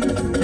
thank you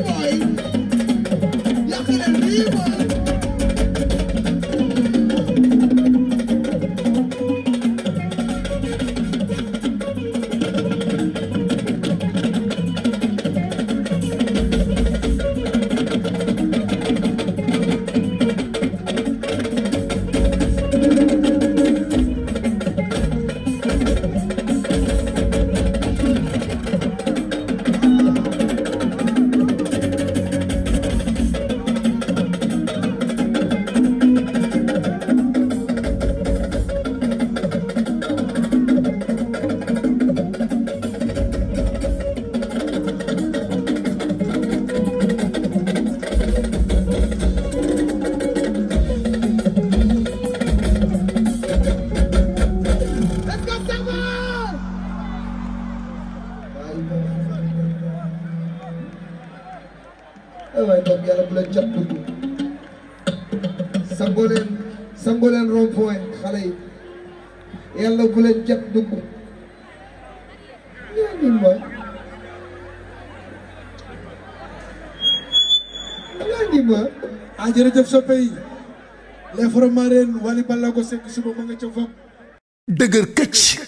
boy. la cat dugg sango leen sango leen rond xale yi yàlla bu leen cat dugg ñaani mbaay ñaani mbaay a jërëjëf soppe yi les formareen Wally Ballago Seck suba ma nga ca fam dëgër këcc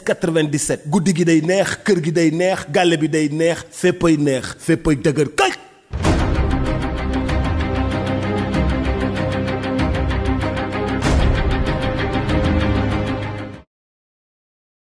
97 97 guddi gi day neex kër gi day neex gale bi day neex ay neex féppay dëgër kay